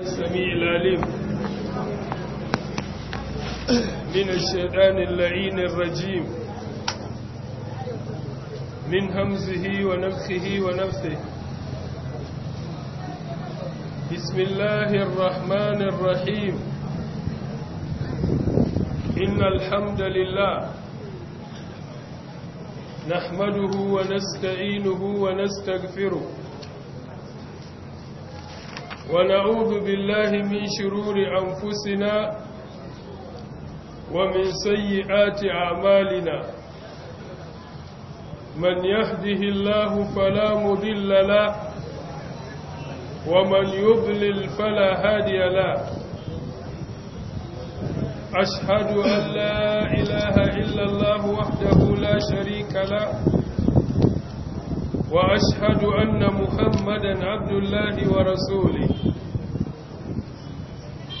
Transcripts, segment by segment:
السميع العليم من الشيطان اللعين الرجيم من همزه ونفخه ونفثه بسم الله الرحمن الرحيم إن الحمد لله نحمده ونستعينه ونستغفره ونعوذ بالله من شرور أنفسنا ومن سيئات أعمالنا من يهده الله فلا مضل له ومن يضلل فلا هادي له أشهد أن لا إله إلا الله وحده لا شريك له وأشهد أن محمدا عبد الله ورسوله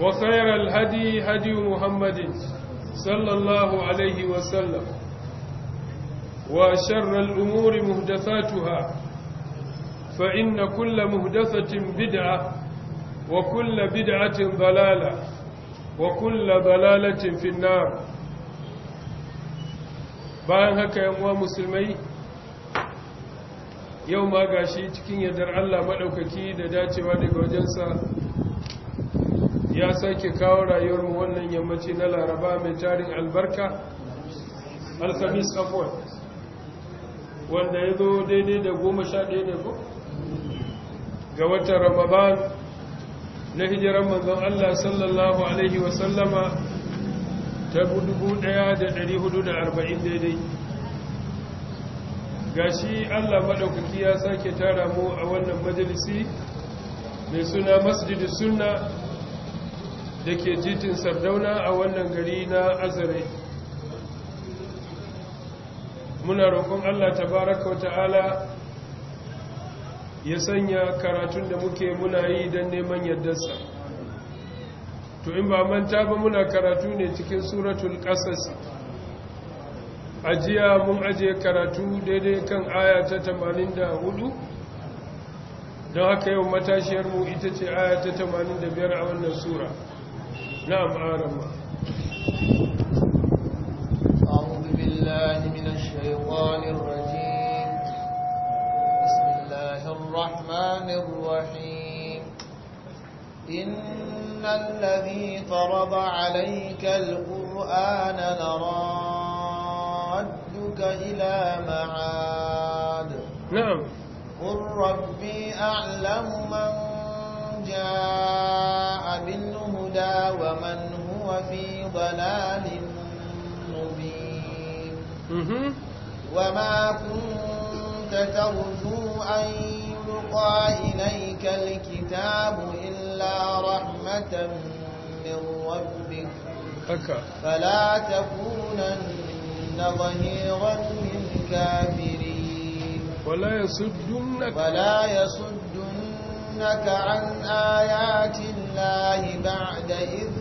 وخير الهدي هدي محمد صلى الله عليه وسلم وشر الأمور مهدفاتها فإن كل مهدفة بدعة وكل بدعة ضلالة وكل ضلالة في النار bayan haka yan uwa musulmai yau ma gashi cikin yadar Allah maɗaukaki da dacewa daga wajensa ya sake kawo rayuwarmu wannan yammaci na laraba mai tarin albarka alkamis afon wanda ya zo daidai da goma sha ɗaya da ga watan ramadan na hijiran manzon allah sallallahu alaihi wasallama ta 1440 daidai gashi allah maɗaukaki ya sake tara mu a wannan majalisi mai suna masjidi sunna da ke titin sardauna a wannan gari na azare muna roƙon allah tabaraka wa ta'ala ya sanya karatun da muke muna yi don neman yaddarsa to in ba manta ba muna karatu ne cikin suratul ƙasas ajiya mun ajiye karatu daidai kan aya ta 84 don haka yau matashiyarmu ita ce aya ta biyar a wannan sura نعم الله أعوذ بالله من الشيطان الرجيم بسم الله الرحمن الرحيم إن الذي فرض عليك القرآن لرادك إلى معاد نعم قل ربي أعلم من جاء وفي ضلال مبين وما كنت ترجو أن يلقى إليك الكتاب إلا رحمة من ربك فلا تكونن ظهيرا للكافرين ولا يصدنك ولا يصدنك عن آيات الله بعد إذ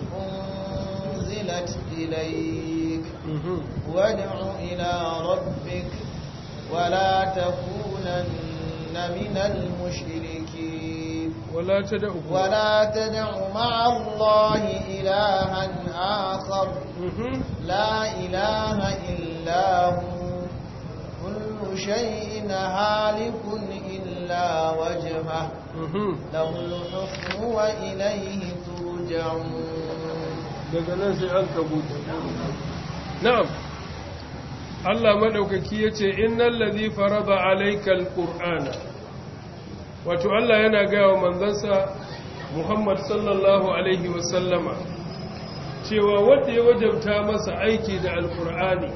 أنزلت إليك وادع إلى ربك ولا تكونن من المشركين ولا تدع ولا تدع مع الله إلها آخر لا إله إلا هو كل شيء هالك إلا وجهه له الحكم وإليه ترجعون daga nan sai an kabuta na'am Allah maɗaukaki yace ce innal ladhi farada alaikal qur'ana wato Allah yana gaya wa manzansa Muhammad sallallahu alaihi sallama cewa wanda ya wajabta masa aiki da alqur'ani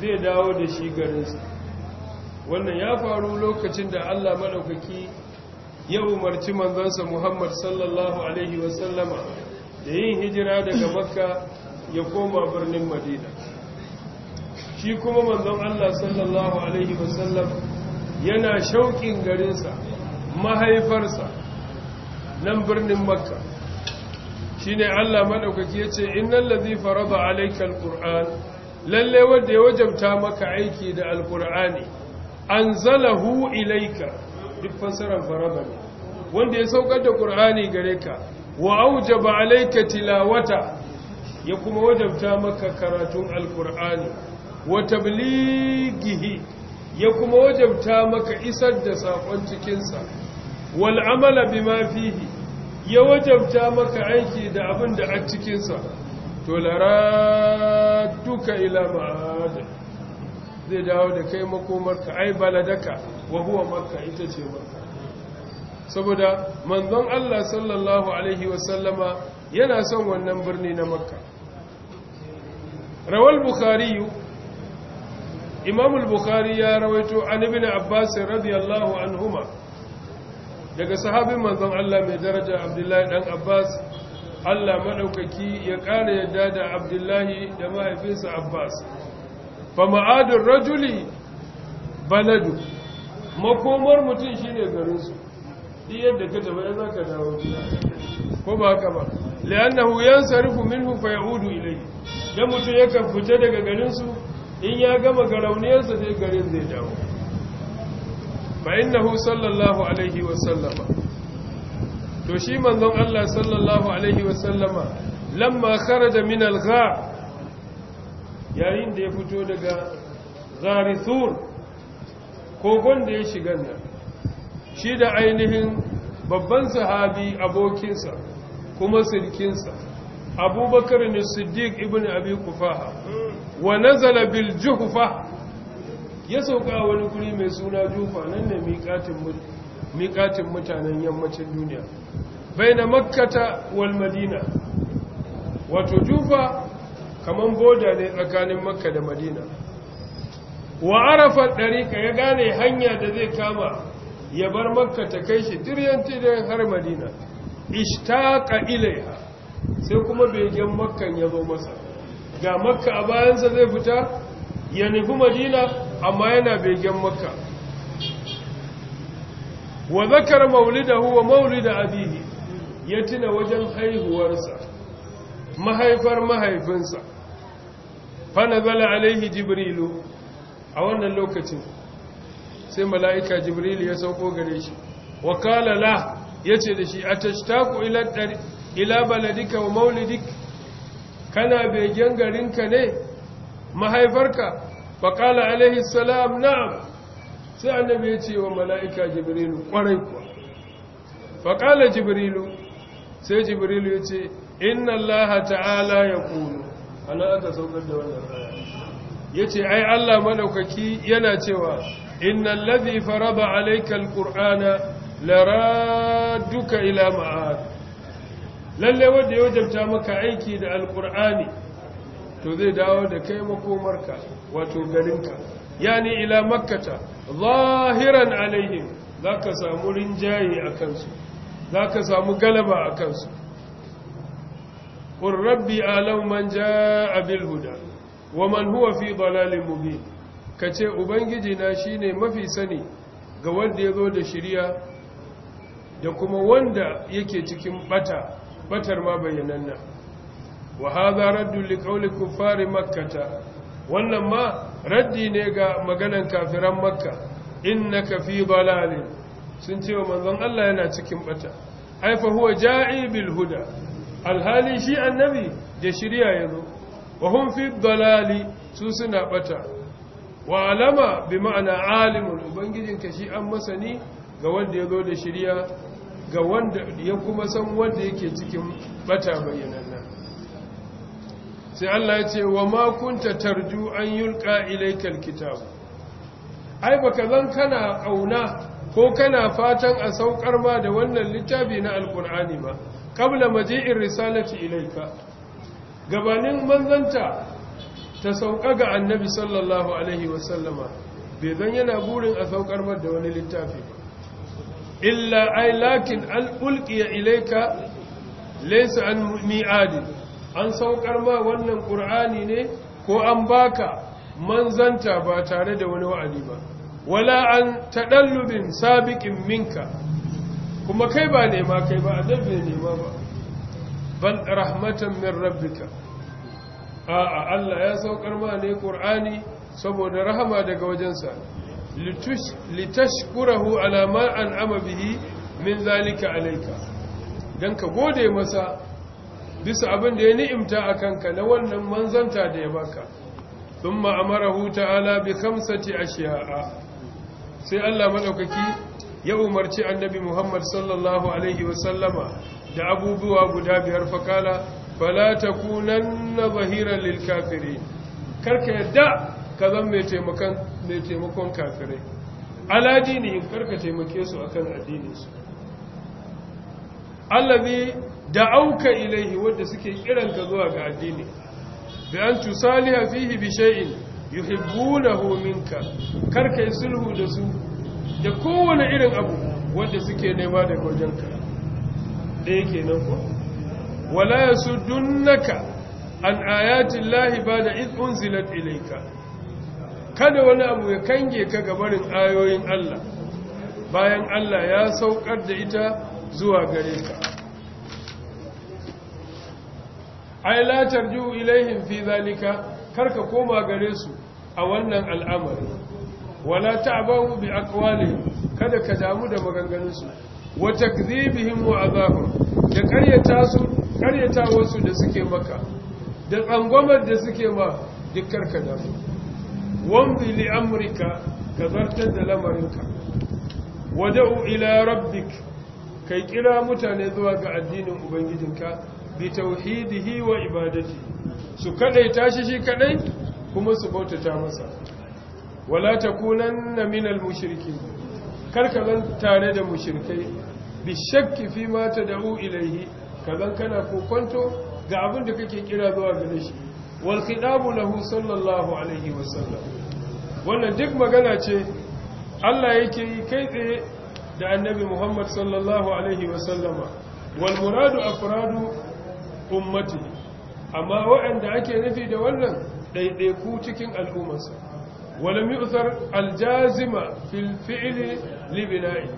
zai dawo da shi garinsu wannan ya faru lokacin da Allah maɗaukaki ya umarci manzansa Muhammad sallallahu alaihi sallama. da yin hijira daga makka ya koma birnin madina shi kuma manzon Allah sallallahu alaihi wasallam yana shauƙin garinsa mahaifarsa nan birnin makka shine Allah madaukaki yace innal ladhi farada alaykal qur'an lalle wanda ya wajabta maka aiki da alqur'ani anzalahu ilayka duk fasaran farada ne wanda ya saukar da qur'ani gare ka wa aujaba alayka tilawata ya kuma wajabta maka karatun alqur'ani wa tablighihi ya kuma wajabta maka isar da sakon cikin sa wal amala bima fihi ya wajabta maka aiki da abin da a cikin sa to laratuka ila ma'ad zai dawo da kai makomarka ai baladaka wa huwa makka ita ce makka saboda manzon Allah sallallahu alaihi wasallama yana son wannan birni na makka rawal bukhari Imamul bukhari ya rawaito an ibn abbas radiyallahu anhuma daga sahabin manzon Allah mai daraja abdullahi dan abbas Allah madaukaki ya ƙara yadda da abdullahi da mahaifinsa abbas fa ma'adur rajuli baladu makomar mutum shine garinsu duk yadda ka tafi za ka dawo gida ko ba haka ba li'annahu yansarifu minhu fa ya'udu ilayhi dan mutum yakan fita daga garin su in ya gama sa sai garin zai dawo fa innahu sallallahu alaihi wa sallama to shi manzon Allah sallallahu alaihi wa sallama lamma kharaja min al-gha yayin da ya fito daga zarisur kogon da ya shiga nan shi da ainihin babban sahabi abokinsa kuma sirkinsa abubakar ne siddiq ibn abi kufaha wa nazala bil juhfa ya sauka wani guri mai suna jufa nan ne miƙatin mutanen yammacin duniya bai na makkata wal madina wato jufa kamar boda ne tsakanin makka da madina wa arafa ka ya gane hanya da zai kama ya bar makka ta kai shi diryan tiryan har madina ishtaqa ilaiha sai kuma begen makkan ya zo masa ga makka a bayansa zai fita ya nufi madina amma yana begen makka wa zakar maulidahu wa maulida abihi ya tuna wajen haihuwarsa mahaifar mahaifinsa fa nazala alaihi jibrilu a wannan lokacin sai mala'ika jibril ya sauko gare shi wa kala la ce da shi a ila ku ila baladika wa maulidik kana begen garinka ne mahaifarka ba kala alaihi salam na'am sai annabi ya ce wa mala'ika jibrilu kwarai kuwa ba kala jibrilu sai jibrilu ya ce inna Laha ta'ala ya kulu ana aka saukar da wannan raya? ya ce ai allah madaukaki yana cewa إن الذي فرض عليك القرآن لرادك إلى معاد lalle wanda ya wajabta maka aiki da alkur'ani to zai dawo da kai makomarka wato garinka yani ila makkata zahiran alaihim ka samu rinjaye a kansu zaka samu galaba a kansu qur rabbi alam man a bil huda wa man huwa fi dalalin mubin ka ce ubangiji na shi ne mafi sani ga wanda ya zo da shirya da kuma wanda yake cikin bata batar ma nan wa hadha raddu li qawli kuffari makkata wannan ma raddi ne ga maganan kafiran makka innaka fi dalalin sun ce manzon Allah yana cikin bata ai fa huwa ja'i bil huda alhali shi annabi da shirya yazo wa hum fi dalali su suna bata wa alama bi ma'ana alimun ubangijinka shi an masani ga wanda ya zo da shirya ga wanda ya kuma san wanda yake cikin bata nan sai Allah ya ce wa ma kunta tarju an yulqa ilaykal kitab ai baka zan kana kauna ko kana fatan a saukar ma da wannan littafi na alqur'ani ma qabla maji'ir risalati ilayka gabanin manzanta ta sauka ga annabi sallallahu alaihi wasallama bai zan yana burin a saukar da wani littafi illa ai lakin al-ulqiya ilaika laysa an mi'adin an saukar ma wannan ƙur'ani ne ko an baka manzanta ba tare da wani wa'adi ba wala an taɗallubin sabiƙin minka kuma kai ba nema kai ba annabi nema ba bal rahmatan min rabbika a'a Allah ya saukar ma ne Qur'ani saboda rahama daga wajensa litashkurahu ala ma an'ama bihi min zalika alayka dan ka gode masa bisa abin da ya ni'imta ka na wannan manzanta da ya baka thumma amarahu ta'ala bi khamsati ashiya'a sai Allah madaukaki ya umarci annabi Muhammad sallallahu alaihi wa sallama da abubuwa guda biyar fakala fala takunanna zahiran lil kafiri karka yadda ka zan mai taimakon mai taimakon kafirai ala in karka taimake su akan addinin su allazi da'auka ilaihi wanda suke ka zuwa ga addini bi an tusaliha fihi bi shay'in yuhibbunahu minka karka yi sulhu da su da kowane irin abu wanda suke nema daga wajenka da yake nan ko wala yasuddunka an ayati llahi ba'da id unzilat ilayka kada wani abu ya kange ka gabarin ayoyin Allah bayan Allah ya saukar da ita zuwa gare ka ai la tarju ilaihim fi zalika karka koma gare su a wannan al'amari wala ta'bahu bi aqwalihim kada ka damu da maganganunsu wa takdhibihim wa adhahum da karyata su Karyata wasu da suke maka da tsangwama da suke ma ka da su wanzu li amurka ka zartar da lamarinka wada'u ila rabbik kai kira mutane zuwa ga addinin ubangijinka bi tauhidihi wa ibadati su kadai tashi shi kadai kuma su bauta ta masa wala takunanna minal mushriki karkalan tare da mushrikai bi shakki fi ma tad'u ilayhi kazan kana kokonto ga abin da kake kira zuwa gare shi wal khitabu lahu sallallahu alaihi wasallam wannan duk magana ce Allah yake yi kai tsaye da annabi Muhammad sallallahu alaihi wasallama wal muradu furadu ummati amma waɗanda ake nufi da wannan ɗaiɗaiku cikin al'ummarsa walam aljazima fil libina'i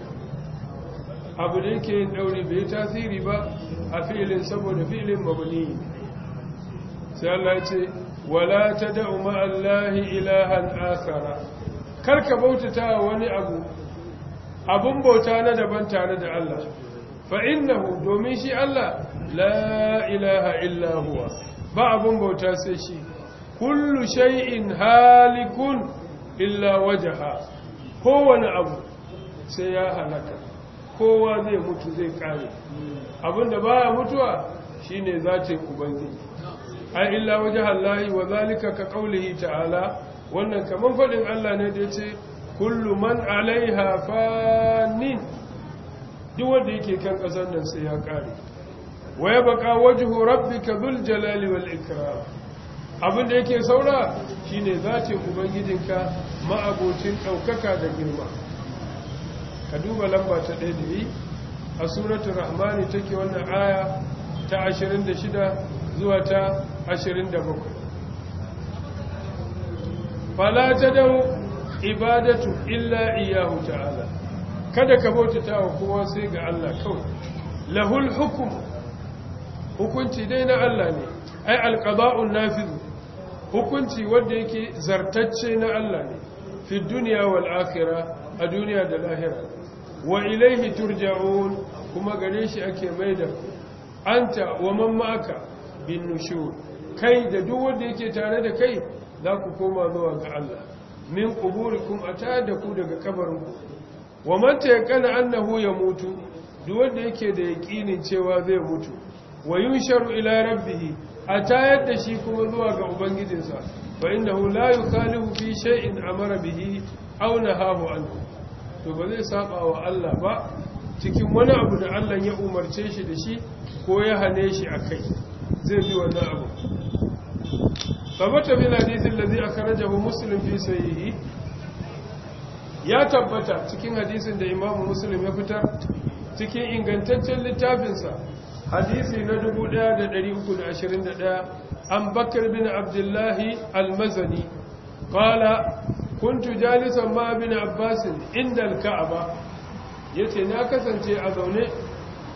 abu da yake daure bai tasiri ba a filin saboda filin mabuni sai Allah ya ce wala tad'u Allahi ilahan akhara karka bautata wani abu abun bauta na daban tare da Allah fa innahu domin shi Allah la ilaha illa huwa ba abun bauta sai shi kullu shay'in halikun illa wajaha kowane abu sai ya halaka kowa zai mutu zai kare abinda baya mutuwa shine zatin ubangiji ai illa wajhallahi wa zalika ka qaulihi ta'ala wannan kaman fadin Allah ne da yace kullu man alaiha fanin duk wanda yake kan kasar nan sai ya kare wa yabqa wajhu rabbika dhul jalali wal ikram abinda yake saura shine zatin ubangijinka ma'abocin ɗaukaka da girma ka duba lamba ta ɗaya da yi a suratun rahmani take wannan aya ta 26 zuwa ta 27 fala ta dau ibadatu illa iyahu ta'ala kada ka bautata wa kowa sai ga Allah kawai lahul hukum hukunci dai na Allah ne ai alqada'un nafiz hukunci wanda yake zartacce na Allah ne fi duniya wal akhirah a duniya da lahira wa ilaihi turja'un kuma gare shi ake mai da anta wa man ma'aka bin nushur kai da duk wanda yake tare da kai za ku koma zuwa ga Allah min quburikum atada ku daga kabarinku wa man taqana annahu yamutu duk wanda yake da yaqinin cewa zai mutu wa yunsharu ila rabbih atayar da shi kuma zuwa ga ubangijinsa fa innahu la yukalifu fi shay'in amara bihi aw nahahu anhu to ba zai saba wa Allah ba cikin wani abu da Allah ya umarce shi da shi ko ya hane shi a kai zai bi wannan abu tabbata bin hadisin da zai aka rajahu musulun fi sayihi ya tabbata cikin hadisin da imamu musulun ya fitar cikin ingantaccen littafinsa hadisi na 1321 an bakar bin abdullahi almazani qala kuntu jalisan ma bin abbasin inda alka'aba yace na kasance a zaune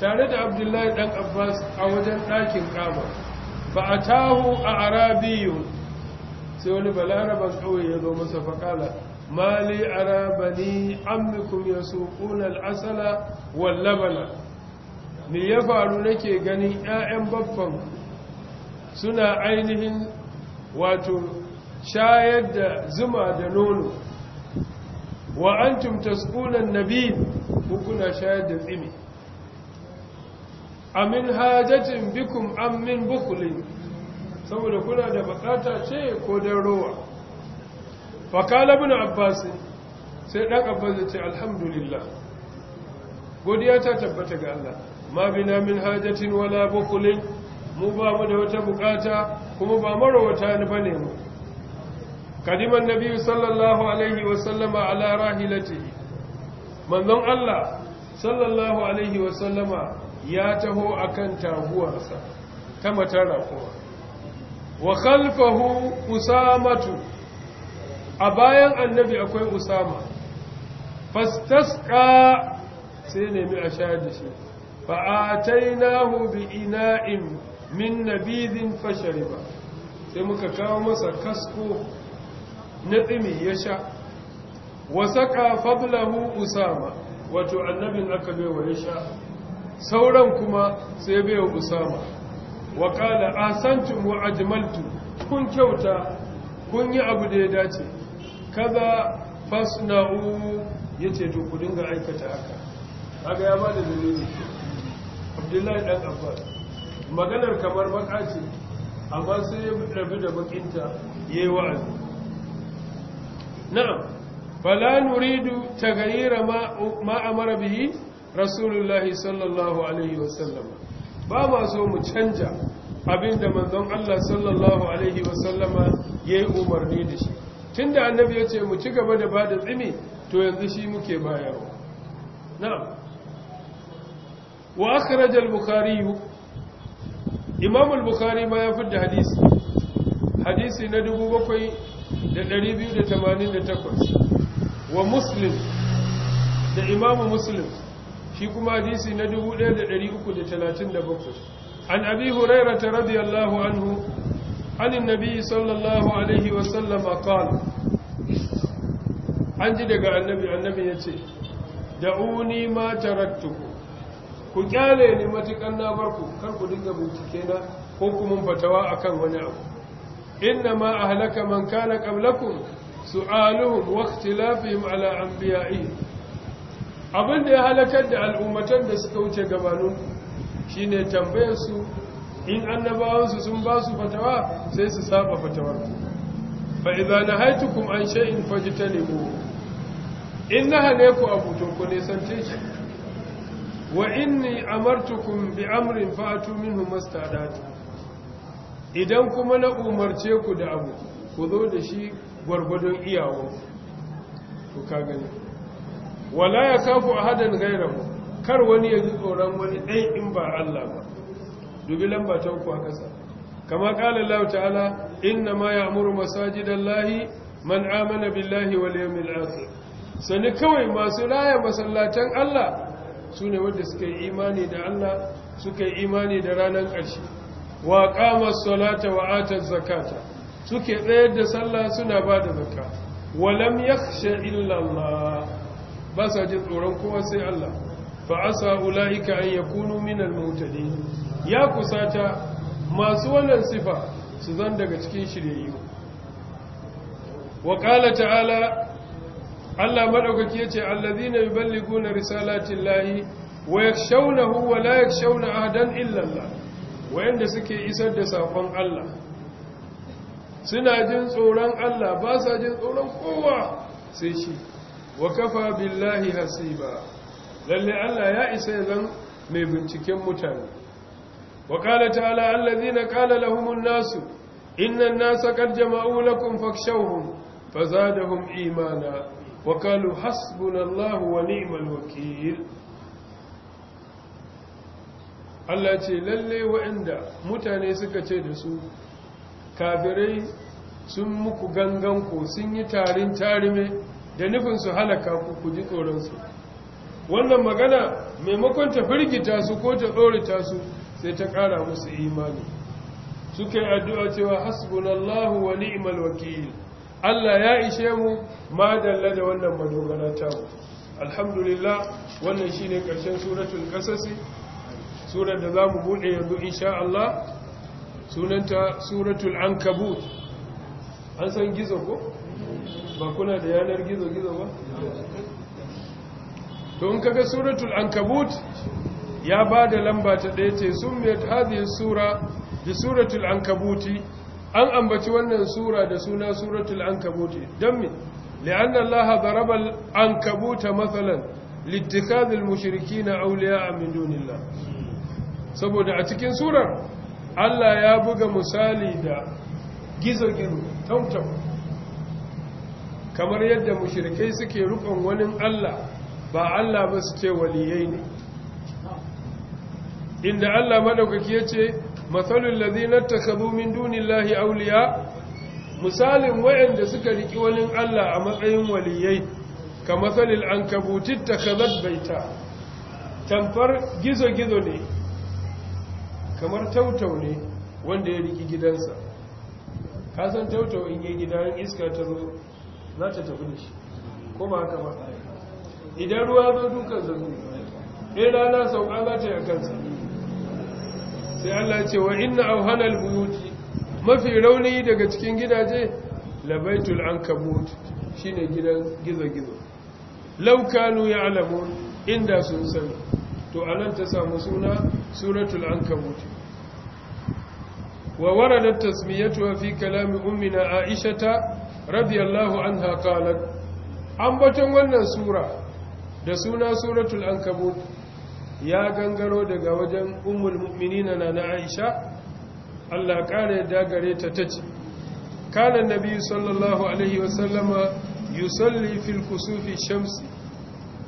tare da abdullahi ɗan abbas a wajen ɗakin kama ba a tahu a arabiyu sai wani balaraban ƙauye ya zo masa faƙala mali arabani amikum ya suƙunan asala wallabala me ya faru nake ganin 'ya'yan baffan suna ainihin wato shayar da zuma da nono wa antum tasqunan nabi kuna shayar da tsimi amin hajjatin bikum Amin min saboda kuna da bukata ce ko dan rowa fa kala ibn abbas sai dan abbas ya ce alhamdulillah godiya ta tabbata ga Allah ma bina min wala bukulin, mu ba mu da wata bukata kuma ba marawata ne bane mu قدم النبي صلى الله عليه وسلم على راحلته من ذن الله صلى الله عليه وسلم ياته أكن تاهوه كما ترقوه وخلفه أسامة أبايا النبي أكوي أسامة فاستسقى سينمي أشادشي فآتيناه بإناء من نبيذ فشربه sai muka kawo masa kasko na tsimi ya sha wasaka fablahu usama wato annabin aka baiwa ya sha sauran kuma sai bewa usama wa kala asantum wa ajmaltum kun kyauta kun yi abu da ya dace kaza fasna'u yace to ku dinga aikata haka kaga ya ba da dalili Abdullahi dan Abbas maganar kamar baka ce amma sai ya rabu da bakinta yayi wa'azi na'am fala nuridu taghayyira ma ma amara bihi rasulullahi sallallahu alaihi wasallam ba ma so mu canja abinda manzon Allah sallallahu alaihi wasallama yayi umarni da shi tunda annabi ya ce mu ci gaba da bada tsimi to yanzu shi muke bayarwa na'am wa akhraj al-bukhari imam al-bukhari ma ya fidda hadisi hadisi na bakwai. da takwas wa muslim da imamu muslim shi kuma hadisi na 1337 an abi hurairata radiyallahu anhu عن النبي صلى الله عليه وسلم قال Annabi Annabi النبي النبي يتي ma ta تركتكم ku kyale ni matukan na barku kar ku dinga bincike na ko kuma fatawa akan wani abu إنما أهلك من كان قبلكم سؤالهم واختلافهم على أنبيائهم abin da ya halakar da al'ummatan da suka wuce gabaninku shi ne tambayarsu in annabawansu sun ba fatawa sai su saba fatawar fa'iza na haitukum an sha'in fajita nemo in na hane ku abutunku nesance shi wa inni amartukum bi amrin fa'atu minhu mastadatu idan kuma na umarce ku da abu ku zo da shi gwargwadon iyawo ku ka gani wala ya kafu hadin gairahu kar wani ya ji tsoron wani ɗai in ba Allah ba dubi lambatan ku a ƙasa kama ƙala Allah ta'ala inna ma amuru masajidan lahi man amana billahi wal yawmil asir sani kawai masu raya masallatan Allah sune wanda suka yi imani da Allah suka yi imani da ranar ƙarshe wa masu salata wa ata zakata suke tsayar da sallah suna ba da zakka wa lam yakhsha illa Allah ba sa jin tsoron kowa sai Allah fa asa ulaika an yakunu min al ya kusata masu wannan sifa su zan daga cikin shiryayyu wa qala ta'ala Allah madaukaki yace allazina yuballiguna risalati llahi wa yakshawnahu wa la yakshawna ahadan illa Allah wayanda suke isar da safon Allah suna jin tsoron Allah ba sa jin tsoron kowa sai shi wa kafa billahi hasiba lalle Allah ya isa zan mai binciken mutane wa qala ta'ala allazina qala lahumun nasu innan nasa sakar jama'u lakum fakshawhum fazadahum imana wa qalu hasbunallahu wa ni'mal wakeel Allah ce lalle waɗanda mutane suka ce da su kafirai sun muku gangan ko sun yi tarin tarime da nufin su halaka ku ku ji su. wannan magana maimakon ta firgita su ko ta tsorita su sai ta ƙara musu imani Suke addu'a cewa hasbunallahu wa ni'mal wakeel Allah ya ishe mu ma dalla da wannan madogara ta mu alhamdulillah wannan shine ƙarshen suratul qasasi surar da za mu buɗe yanzu insha Allah sunanta suratul ankabut an san gizo ko ba kuna da yanar gizo gizo ba to in kaga suratul ankabut ya ba da lamba ta ɗaya ce sun mai hadhihi sura da suratul ankabuti an ambaci wannan sura da suna suratul ankabuti don me لأن الله ضرب الأنكبوت مثلا لاتخاذ المشركين أولياء من دون الله saboda a cikin surar Allah ya buga misali da gizo-gizo tautam kamar yadda mushirikai suke rukun wani Allah ba Allah ba su ce waliyai ne inda Allah madaukaki ya ce matsalin lazinar takabu min dunillahi auliya misalin wayanda suka riki wani Allah a matsayin waliyai ka matsalin an kabutit takazat baita tamfar gizo-gizo ne kamar tautau ne wanda ya riki gidansa ka san tautau in yi gidan iska ta zo za ta tafi da shi ko ba haka ba idan ruwa zo dukan zazu ɗaya rana sau za ta yi a kansa sai Allah ce wa inna auhanal buyuti mafi rauni daga cikin gidaje labaitul shi ne gidan gizo-gizo laukanu ya alamu inda sun sani to anan ta samu suna suratul ankabut wa waradat tasmiyatuha fi kalami ummina aishata radiyallahu anha qalat ambaton wannan sura da suna suratul ankabut ya gangaro daga wajen ummul mu'minina na aisha Allah kare da gare ta tace kana nabi sallallahu alaihi wasallama yusalli fil kusufi shamsi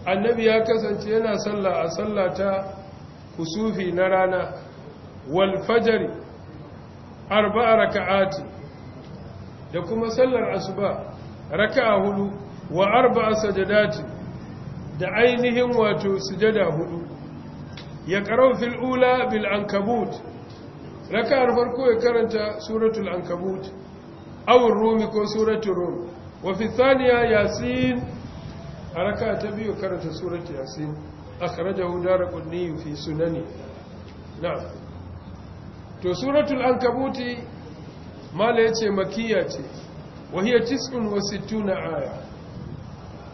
annabi ya kasance yana sallah a sallata ta kusufi na rana wal fajari arba'a raka'ati da kuma sallar asuba raka'a hudu wa arba'a sajadati da ainihin wato sujada hudu ya karau fil ula bil ankabut raka'ar farko ya karanta suratul ankabut aw rumi ko suratul rum wa fi thaniya yasin haraka ta biyu karanta surat yasin akhrajahu darqutni fi sunani na'am to suratul ankabuti mala yace makiyya ce wa hiya 69 aya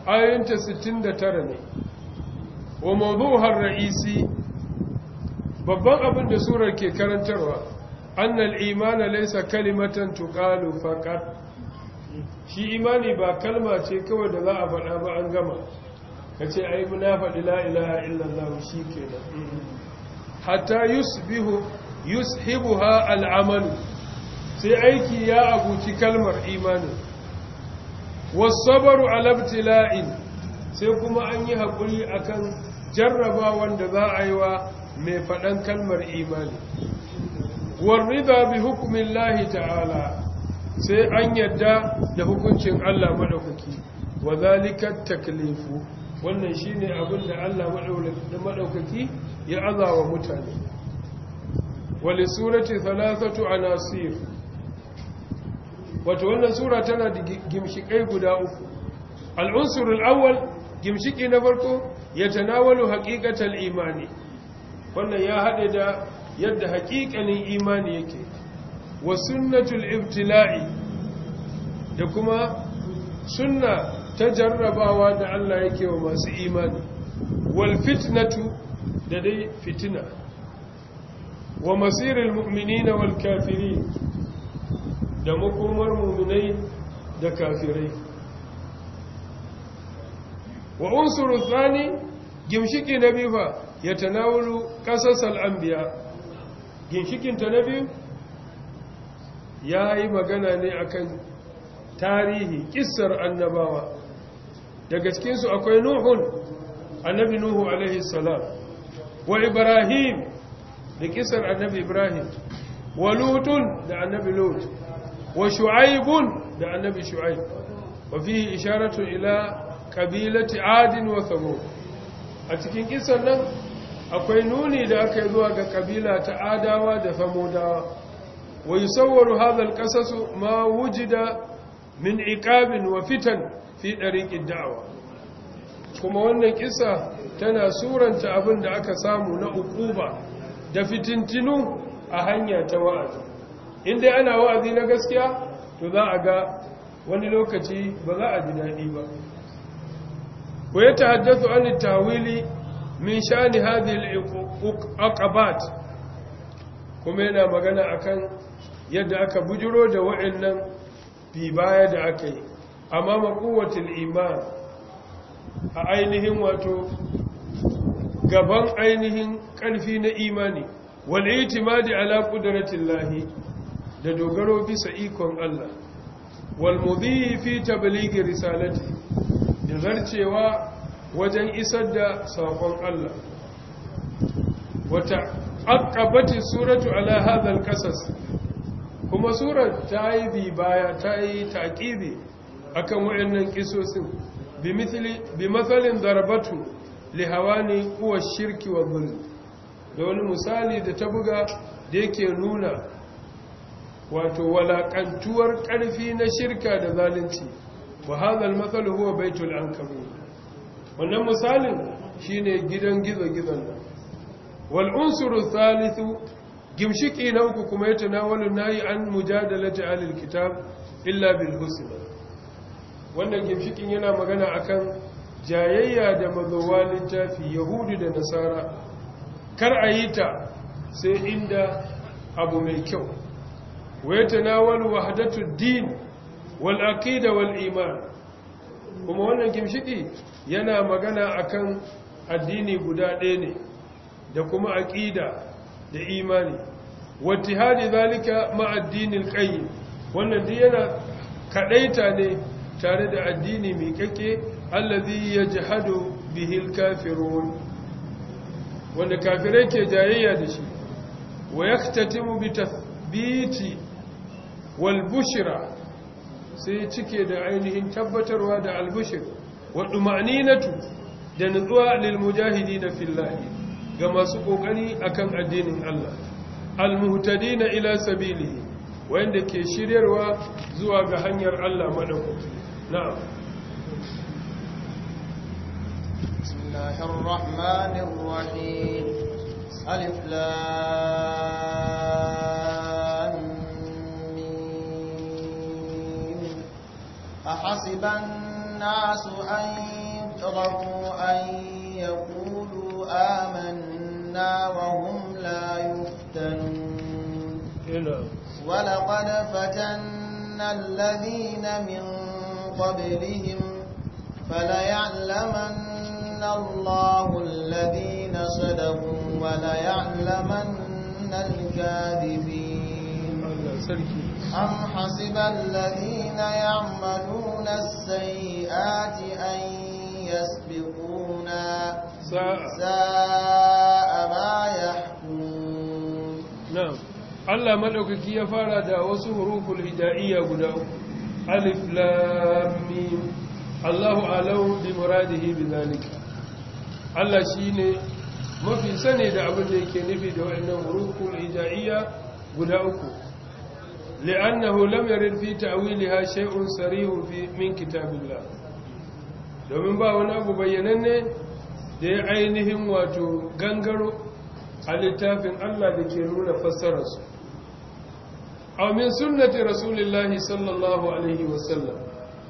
ayanta 69 ne wa mawdu'uha ar-ra'isi babban abin da surar ke karantarwa annal imana laysa kalimatan tuqalu faqat shi imani ba kalma ce kawai da za a faɗa ba an gama ka ce yi muna faɗi la'ilaha illallah shi ke da hatta yusbihu yushibuha al'amalu sai aiki ya abuci kalmar imani wasabaru la'in sai kuma an yi haƙuri akan jarraba wanda za a yi wa mai faɗan kalmar imani warrida bi hukumin lahi ta'ala sai an yadda da hukuncin Allah maɗaukaki wa zalikar taklifu wannan shi ne abin da Allah maɗaukaki ya azawa mutane wali surati a nasir wato wannan sura tana da gimshiƙai guda uku al'unsur al'awwal gimshiƙi na farko ya tanawalu haƙiƙatar imani wannan ya haɗe da yadda haƙiƙanin imani yake wa sunnatul ibtila'i da kuma sunna ta jarrabawa da Allah yake wa masu imani wal fitnatu da dai fitina wa masirul mu'minina wal kafirin da makomar mu'minai da kafirai wa unsuru thani gimshiki na biyu fa ya tanawulu kasasal anbiya ginshikin ta na biyu ya yi magana ne akan tarihi kissar annabawa daga cikinsu akwai nuhun annabi nuhu alaihi salam wa ibrahim da kissar annabi ibrahim wa lutun da annabi lut wa shu'aibun da annabi shu'aib wa fihi isharatu ila kabilati adin wa thamud a cikin kissar nan akwai nuni da aka yi zuwa ga kabila ta adawa da Famodawa. ويصور هذا القصص ما وجد من عقاب وفتن في طريق الدعوة kuma wannan kisa tana suranta abin da aka samu na ukuba da fitintinu a hanya ta wa'azi inda ana wa'azi na gaskiya to za a ga wani lokaci ba za a ji daɗi ba wa ya tahaddathu an tawili min shani hadhihi al-aqabat kuma yana magana akan yadda aka bujiro da wa'annan fi baya da aka yi amma makuwatul iman a ainihin wato gaban ainihin ƙarfi na imani wani itimadi ala ƙuduratin lahi da dogaro bisa ikon Allah walmubi fi tabligi risalati da zarcewa wajen isar da saƙon Allah wata aqabati suratu ala hadal al kuma surar ta yi baya ta yi taƙiri, a kan waɗannan ƙisosin bi matsalin darbatu lihawani kuwa shirki wa zulmi da wani misali da ta buga da yake nuna wato walaƙantuwar ƙarfi na shirka da zalunci wa hazal matsal huwa baitul ankabu wannan misalin shine gidan gizo-gizon nan wal unsuru thalithu gimshiki na uku kuma ya tanawalu yi an mujadalati ja'alil kitab illa bil husna wannan gimshikin yana magana akan jayayya da mazowa littafi yahudu da nasara kar a yi ta sai inda abu mai kyau wai tanawalu wahadatu din wal aqida wal iman kuma wannan gimshiki yana magana akan addini guda ɗaya ne da kuma aqida da imani wattihadi zalika ma addinil qayyim wannan yana kadaita ne tare da addini mai kake allazi yajhadu bihi alkafirun wanda kafirai ke jayayya da shi wa yaktatimu bi tathbiti wal sai cike da ainihin tabbatarwa da albushir wa dumaninatu da nutsuwa lil na fillahi ga masu kokari akan addinin Allah almuhtadina ila sabilihi wanda ke shiryarwa zuwa ga hanyar Allah madaukaki na'am bismillahir alif lam mim ahasiban nasu an yutgharu an yaqulu الحسنى وهم لا يفتنون ولقد فتنا الذين من قبلهم فليعلمن الله الذين صدقوا وليعلمن الكاذبين أم حسب الذين يعملون السيئات أن يسبقونا ساء Allah madaukaki ya fara da wasu huruful hida'iyya guda uku alif lam mim Allahu alahu bi muradihi bi zalika Allah shine mafi sani da abin da yake nufi da wannan huruful hida'iyya guda uku li'annahu lam yarid fi ta'wiliha shay'un sarihun fi min kitabillah domin ba wani abu bayyananne da ainihin wato gangaro a littafin Allah da ke nuna fassararsu aw min sunnati rasulillahi sallallahu alaihi wasallam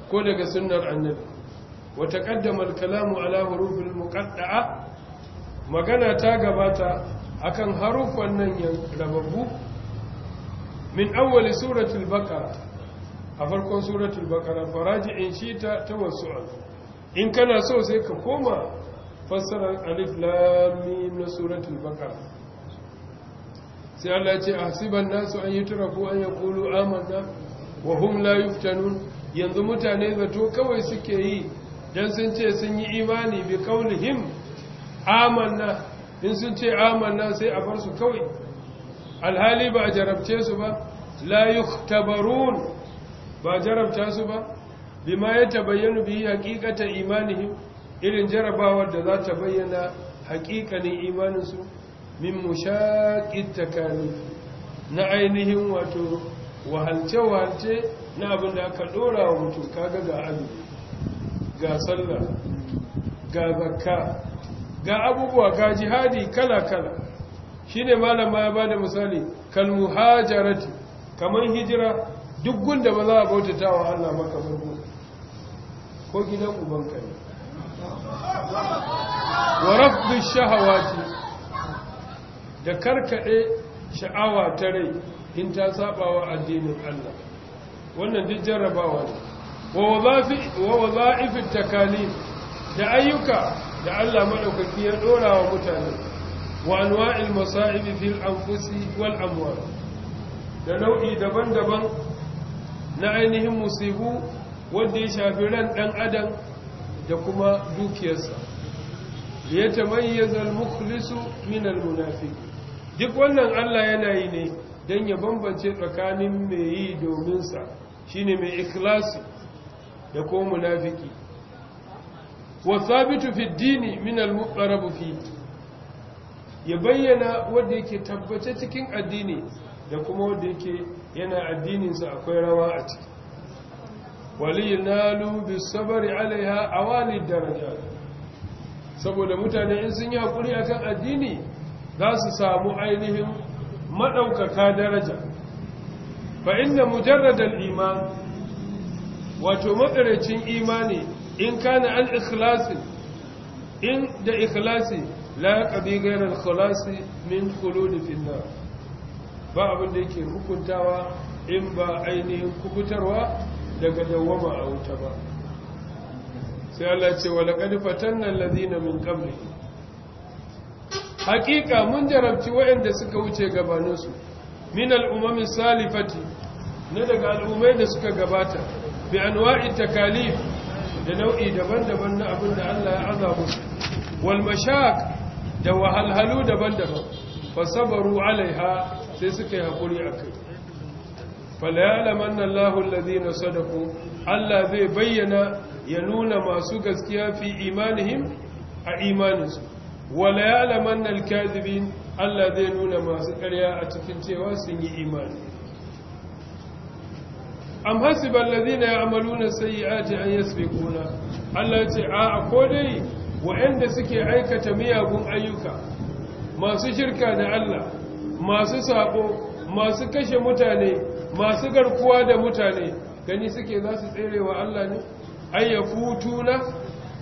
ko daga sunnar annabi wa taqaddama al-kalamu ala hurufil magana ta gabata akan harufan nan rababbu min awwali suratul baqara a farkon suratul baqara faraji'in shita tawassu'an in kana so sai ka koma fassarar alif lam mim na suratul baqara sai Allah ce a hasiban nasu an yi turafu an ya kulu amanna wa hum la yuftanun yanzu mutane zato kawai suke yi dan sun ce sun yi imani bi qaulihim amanna in sun ce amanna sai a bar su kawai alhali ba a jarabce su ba la yuktabarun ba jarabta su ba bima ya tabayyana bi haqiqatan imanihim irin jarabawar da za ta bayyana haƙiƙanin imaninsu min mushaƙi takalif na ainihin wato wahalce-wahalce na abin da aka ɗora wa mutum kaga ga abu ga sallah ga zakka ga abubuwa ga jihadi kala-kala shi ne malama ya ba da misali kalmu hajarati kamar hijira duk gunda ba za a bautata wa Allah maka farko ko gidan ubanka ne wa rafdu shahawati da karkaɗe sha'awa ta rai in ta saba wa addinin Allah wannan duk jarrabawa ne wa waza'ifin takalif da ayyuka da Allah maɗaukaki ya ɗora wa mutane wa anwa'il masa'ibi fil anfusi wal amwal da nau'i daban-daban na ainihin musibu wanda ya shafi ran ɗan adam da kuma dukiyarsa ya tamayyaza al-mukhlisu min al duk wannan Allah yana yi ne don ya bambance tsakanin mai yi dominsa shine mai ikilasi da ko munafiki wa sabitu fi dini min al fi ya bayyana wanda yake tabbace cikin addini da kuma wanda yake yana addininsa akwai rawa a ciki walinalu bisabari alaiha awali daraja saboda mutane in sun yi hakuri akan addini za su samu ainihin maɗaukaka daraja Ba inda mujarradal iman wato matsarancin imani in kana an ikhlasi in da ikhlasi la yaqdi ghayra al-khulasi min khulud fi an ba abin da yake hukuntawa in ba ainihin kubutarwa daga dawama a wuta ba sai Allah ce wa laqad fatanna alladhina min qablihim hakika mun jarabci waɗanda suka wuce gabaninsu min al'ummamin salifati na daga al'ummai da suka gabata bi anwa'i takalif da nau'i daban-daban na abin da Allah ya azabu wal mashaq da wahalhalu daban-daban fa sabaru alaiha sai suka yi hakuri akai fala ya'lamanna Allahu alladhina sadaqu Allah zai bayyana ya nuna masu gaskiya fi imanihim a imaninsu wala ya ya'lamanna na kadhibin Allah zai nuna masu ƙarya a cikin cewa sun yi imani am hasiba alladhina ya'maluna sayi an kuna. Allah ce a ko dai waɗanda suke aikata miyagun ayyuka masu shirka da Allah masu sabo masu kashe mutane masu garkuwa da mutane gani suke za su tserewa Allah ne ayyafu tuna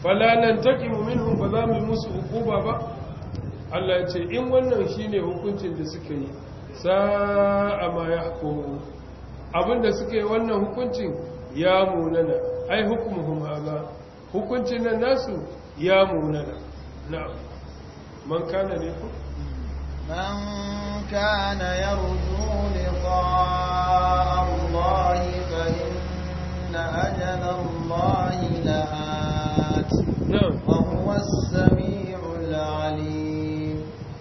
fala nan taqimu minhum ba za mu musu hukuma ba Allah ya ce in wannan shine hukuncin da suka yi sa'a ma hukumu abinda suka yi wannan hukuncin ya munana ai hukumuhum haza hukuncin nan nasu ya munana na'am man kana ne ku kana yarju liqa Allah fa inna ajala Allah لآت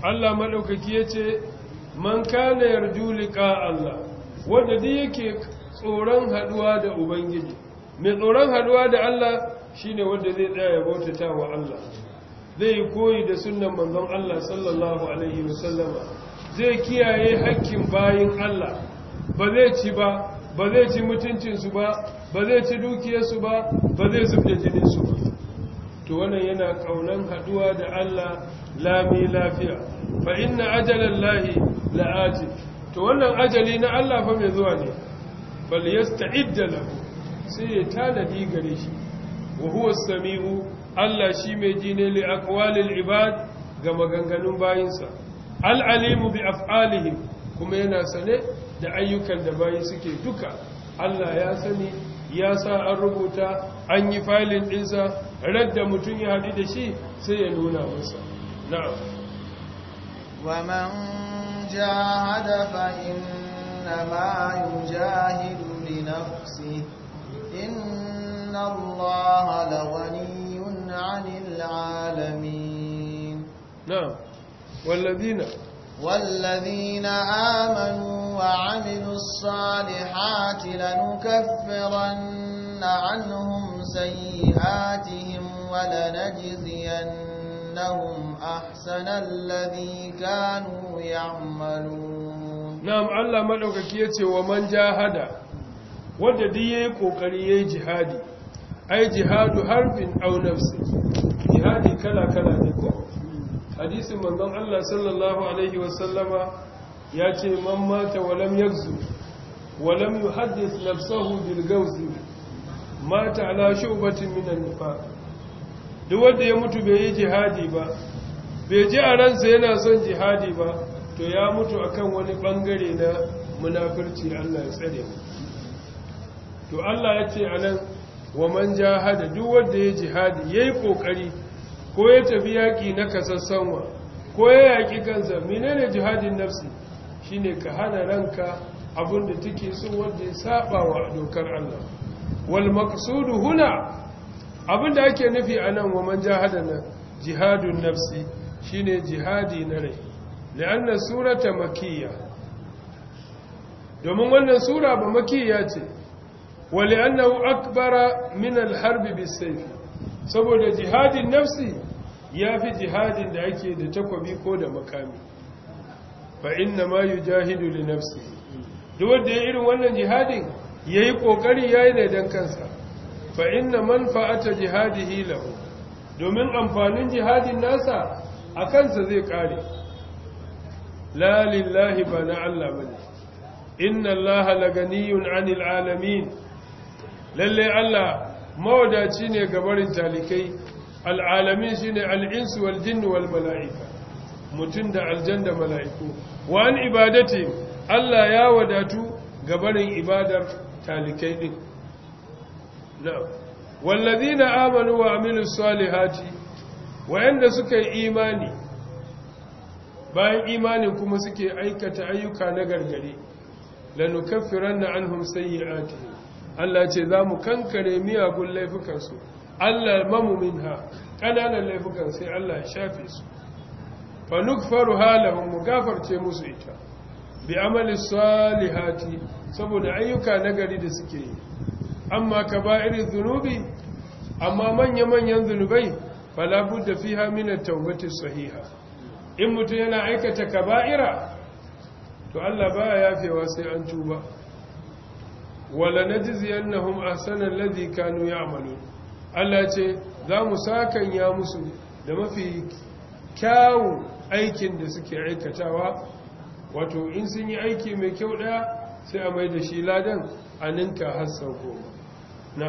Allah maɗaukaki ya ce, Man يتي yarju liƙa Allah, yake tsoron haɗuwa da ubangiji mai tsoron haɗuwa da Allah shi ne wanda zai ɗaya ya bautata wa Allah zai yi koyi da sunan manzon Allah sallallahu alaihi wasallama zai kiyaye hakkin bayin Allah ba zai ci ba ba zai ci mutuncinsu ba ba zai ci dukiyarsu ba ba zai zubda jininsu ba to wannan yana kaunan haduwa da Allah lami lafiya fa inna ajalan lahi la'ajil to wannan ajali na Allah fa mai zuwa ne bal yasta'idda lahu sai ya tanadi gare shi wa huwa samiu Allah shi mai ji ne li aqwalil ibad ga maganganun bayinsa al alimu bi af'alihim kuma yana sane da ayyukan da bayi suke duka Allah ya sani ya sa an rubuta an yi filin ɗinsa radda mutum ya haɗu da shi sai ya nuna masa na'am wa man jahada fa innama yujahidu li nafsihi inna allaha laghaniyyun 'anil 'alamin na'am walladhina والذين آمنوا وعملوا الصالحات لنكفرن عنهم سيئاتهم ولنجزينهم أحسن الذي كانوا يعملون نعم الله ملوكك يتي ومن جاهد ودديك وقريه جهادي أي جهاد حرب أو نفس جهادي كلا كلا نكو حديث من ضم الله صلى الله عليه وسلم يأتي من مات ولم يغزو ولم يحدث نفسه بالجوز mata ala shubatin minan nifaq duk wanda ya mutu bai yi jihadi ba bai ji a ransa yana son jihadi ba to ya mutu akan wani bangare na munafirci Allah ya tsare mu to Allah ya ce anan wa man jahada duk wanda ya jihadi yayi kokari ko ya tafi yaki na kasassanwa ko ya yaki kansa menene jihadin nafsi shine ka hana ranka abinda take so wanda ya saba wa dokar Allah wal maqsudu huna abinda ake nufi anan wa man jahada na jihadun nafsi shine jihadi na rai li'anna surata makiyya domin wannan sura ba makiyya ce wa li'annahu akbara min harbi harb saboda jihadin nafsi yafi jihadin da ake da takobi ko da makami fa inna ma yujahidu li nafsihi duk wanda ya irin wannan jihadin ya yi ƙoƙari ya yi daidan kansa fa inna manfa'ata jihadihi lahu domin amfanin jihadin nasa a kansa zai ƙare la lillahi ba na Allah ba ne inna Allah laganiyun anil alamin lalle Allah mawadaci ne gabarin talikai al'alamin shi ne al'insu wal jinnu wal mala'ika mutum da aljan da mala'iku wa an ibadati Allah ya wadatu gabarin ibadar talikai din wallazina amanu wa amilu salihati wayanda suka yi imani bayan imanin kuma suke aikata ayyuka na gargare lanukaffiranna anhum sayyi'atihim Allah ce za mu kankare miyagun laifukansu Allah mamu minha ƙananan laifukan sai Allah ya shafe su fa nukfaru halahum mu gafarce musu ita bi amali salihati saboda ayyuka nagari da suke yi amma kaba'iriz zunubi amma manya-manyan zunubai fala budda fiha min tawbati sahiha in mutum yana aikata kaba'ira to Allah baya yafewa sai an tuba wala najziyannahum ahsana alladhi kanu amalu Allah ce za mu sakanya musu da mafi kyawun aikin da suke aikatawa wato in sun yi aiki mai kyau ɗaya, sai a mai da shi ladan a ninka hassan goma na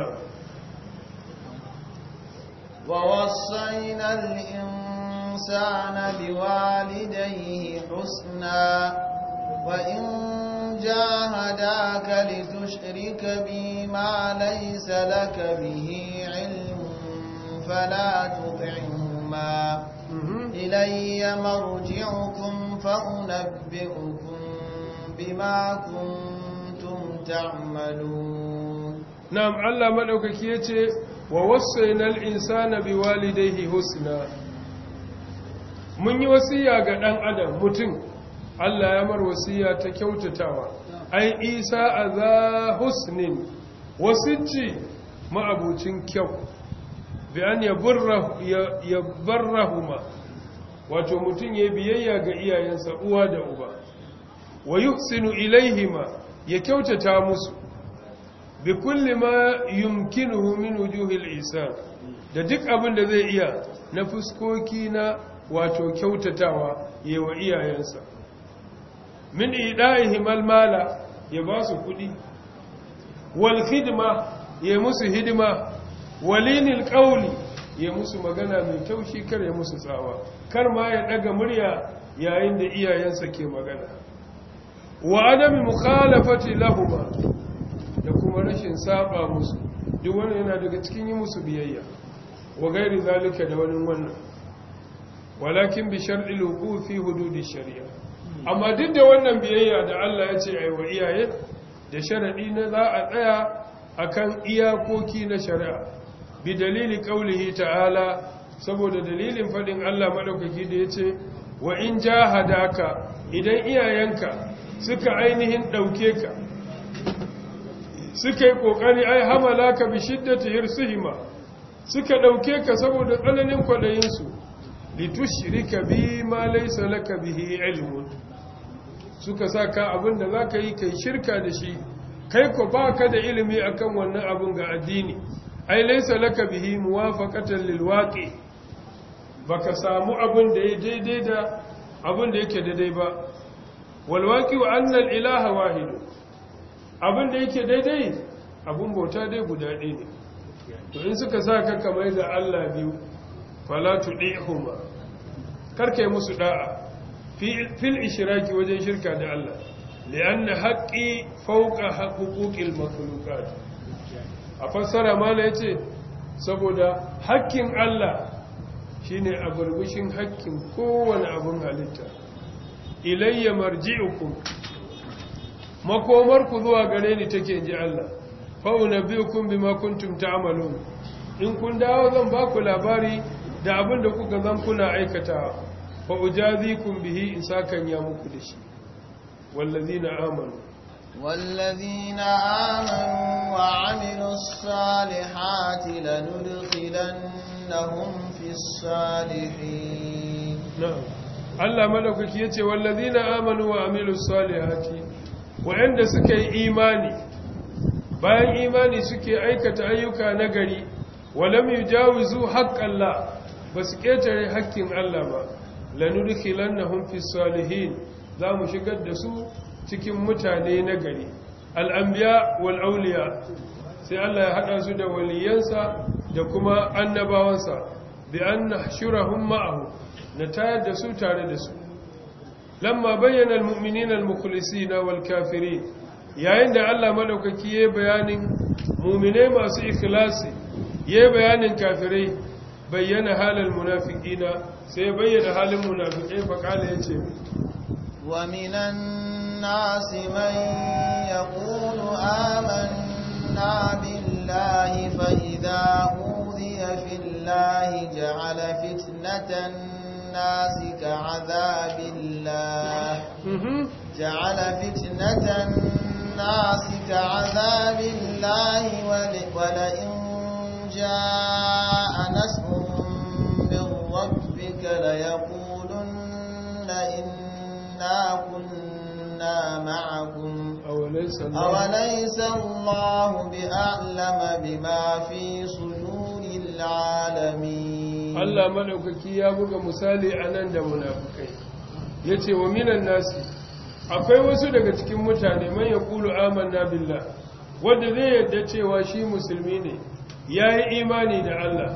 wawassainan insana biwalidayi husna wa in jahadaka litushrika bi ma laysa laka bihi ilmun fala tuti'uhuma mm-hmm. ilayya marji'ukum فأنبئكم بما كنتم تعملون نعم الله ملوكك walidai ووصينا الإنسان بوالديه حسنا mun yi wasiya ga ɗan adam mutum Allah ya mar wasiya ta kyautatawa ai isa a za husnin ci ma'abucin kyau bi an ya wato mutum ya biyayya ga iyayensa uwa da uba wa yuhsinu ilaihima ya kyautata musu bi kulli ma yumkinuhu min wujuhil ihsan da duk abin da zai iya na fuskoki na wato kyautatawa yawa iyayensa min ida'ihim mala ya ba su kudi wal khidma ya musu hidima walinil qawli ya musu magana mai taushi kar ya musu tsawa kar ma ya daga murya yayin da iyayensa ke magana wa adami mukhalafati lahuma da kuma rashin saba musu duk wannan yana daga cikin yi musu biyayya wa gairi zalika da wani wannan walakin bi shar'i luqu fi hududi shari'a amma duk da wannan biyayya da Allah ya ce ai wa iyaye da sharadi na za a tsaya akan iyakoki na shari'a bi dalili kaulihi ta'ala saboda dalilin fadin Allah madaukaki da yace wa in jahadaka idan iyayenka suka ainihin dauke ka suka yi kokari ai hamalaka bi shiddati hirsihima suka dauke ka saboda tsananin kwadayin su litushrika bi ma laysa laka bihi ilm suka saka abin da zaka yi kai shirka da shi kai ko baka da ilimi akan wannan abun ga addini ai laysa laka bihi muwafaqatan lil waqi baka samu abun da ya daidai da abun da yake daidai ba wal waqi wa anna al ilaha wahid Abun da yake daidai abun bauta dai guda ɗaya ne to in suka saka kamar da Allah biyu fala tudihuma karka musu da'a fil ishiraki wajen shirka da Allah anna haqqi fawqa haquqil makhluqat a fassara mala ya ce saboda hakkin Allah shi ne a hakkin kowane abin halitta ilayya marji'ukum makomarku zuwa gare ni take ji Allah fauna biyu kun bi makuntum ta amalon in kun dawo zan ba ku labari da abin da kuka zan kuna aikatawa fa'ujazi kun bihi in sakan ya muku dashi. shi wallazi na amanu والذين آمنوا وعملوا الصالحات لندخلنهم في الصالحين نعم الله ملكك يتي والذين آمنوا وعملوا الصالحات وعند سكي إيماني bayan imani suke aikata ayyuka na gari walam yujawizu haqqallah basu ƙetare haƙƙin Allah ba lanudkhilannahum fis salihin zamu shigar da su cikin mutane na gari al'ambiya wal'auliya sai Allah ya haɗa su da waliyansa da kuma annabawansa bi an na shirahun ma'ahu na tayar da su tare da su lamma bayyana al-mu'minin na wal yayin da Allah maɗaukaki, ya bayanin mu'minai masu ikhlasi ya bayanin kafirai bayyana halin munafiqina sai bayyana halin munafiqai fa ya yace wa minan الناس من يقول آمنا بالله فإذا أوذي في الله جعل فتنة الناس كعذاب الله جعل فتنة الناس كعذاب الله ولئن جاء نسر من ربك ليقولن إنا كنا كنا معكم أوليس الله بأعلم بما في صدور العالمين الله ملكك يا بغى مسالي أنا دا منافقين يتي ومن الناس akwai wasu daga cikin mutane man ya kulu amanna billah wanda zai yarda cewa shi musulmi ne ya yi imani da Allah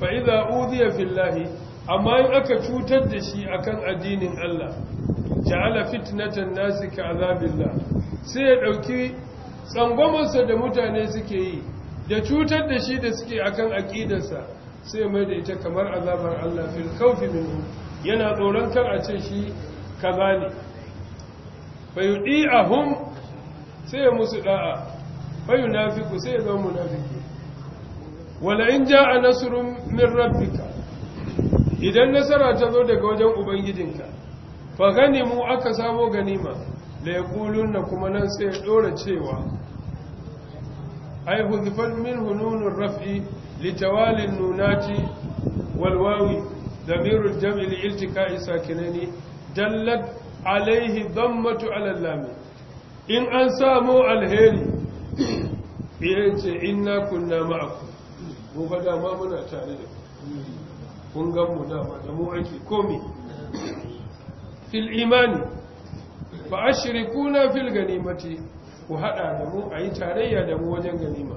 Fa'iza idza udhiya fillahi amma in aka cutar da shi akan addinin Allah ja'ala fitnatan nasi azabillah sai ya dauki tsangwamarsa da mutane suke yi da cutar da shi da suke akan aqidarsa sai mai da ita kamar azabar Allah fil khawfi minhu yana tsoron kar a ce shi kaza ne fayudi'ahum sai ya musu da'a fayunafiku sai ya zama munafiki wala in ja'a nasrun min rabbika idan nasara ta zo daga wajen ubangijinka fa mu aka samo ganima da ya na kuma nan sai ya dora cewa ai huzifan min hununun raf'i litawalin nunati walwawi damirul iltika isa sakinani dallat alaihi dhammatu ala in an samu alheri ce inna kunna ma'aku mu fada ma muna tare da ku kun gan mu da mu ake komi fil imani fa ashrikuna fil ganimati ku hada da mu ayi tarayya da mu wajen ganima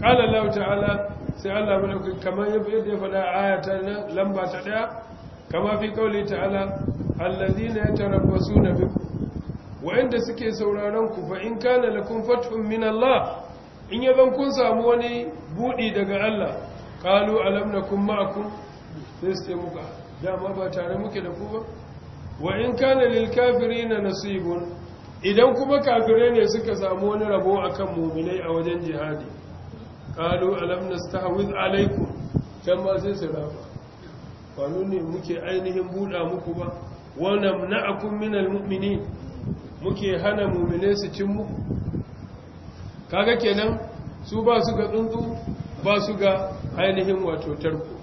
qala allah ta'ala sai allah kamar yadda ya faɗa ayatan lamba ta daya kama fi kauli ta'ala allazina yatarabbasuna bikum inda suke sauraron ku fa in kana lakum fathun min allah in yaban kun samu wani budi daga allah qalu alam nakum ma'akum sai su muka dama ba tare muke da ku ba wa in kana lil kafirina nasibun idan kuma kafirai ne suka samu wani rabo akan mu'minai a wajen jihadi qalu alam nastahwiz alaykum kan ba sai su rafa ba ne muke ainihin buɗa muku ba wa wannan min al-muminin muke hana muminai su cin muku kaga kenan su ba su ga tsuntsu ba su ga ainihin wato tarko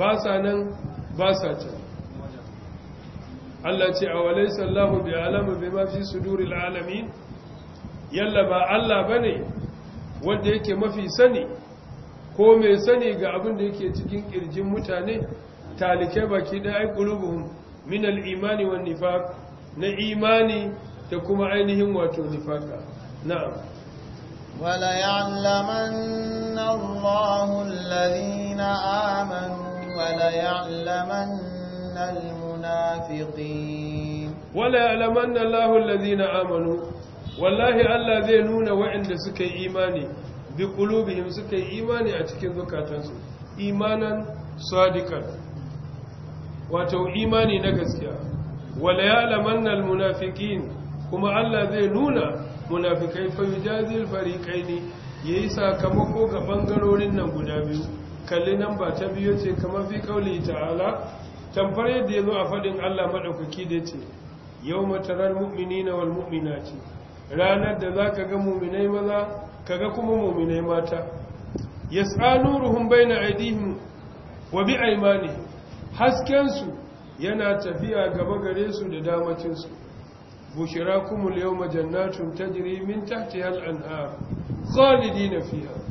ba sa nan ba sa can Allah ce a walai sallahu bi alama bai mafi suduril alamin yalla ba Allah ba ne wanda yake mafi sani ko mai sani ga abin da yake cikin ƙirjin mutane talike baki ɗaya ai ƙulubuhun min imani wa nifaq na imani da kuma ainihin wato nifaka na'am wala ya'lamanna Allahu alladhina amanu وليعلمن المنافقين وليعلمن الله الذين آمنوا والله ألا ذينون وعند سكي إيماني بقلوبهم سكي إيماني أتكين ذكاتنسو إيمانا صادقا واتو إيماني نقسيا وليعلمن المنافقين كما ألا ذينون منافقين فيجازي الفريقين يسا كمكو كبنغرورين نبدا بيو kalli nan ba ta biyu ce kamar fi kauli ta'ala tamfar yadda ya zo a faɗin Allah maɗaukaki da ce yau matarar mu'mini na wal mu'mina ce ranar da za ka ga muminai maza ka ga kuma muminai mata ya ruhun bai na aidihim wa bi aimani haskensu yana tafiya gaba gare su da damacinsu bushira kuma yau majannatun ta jirimin tahtiyar an'ar khalidi na fiya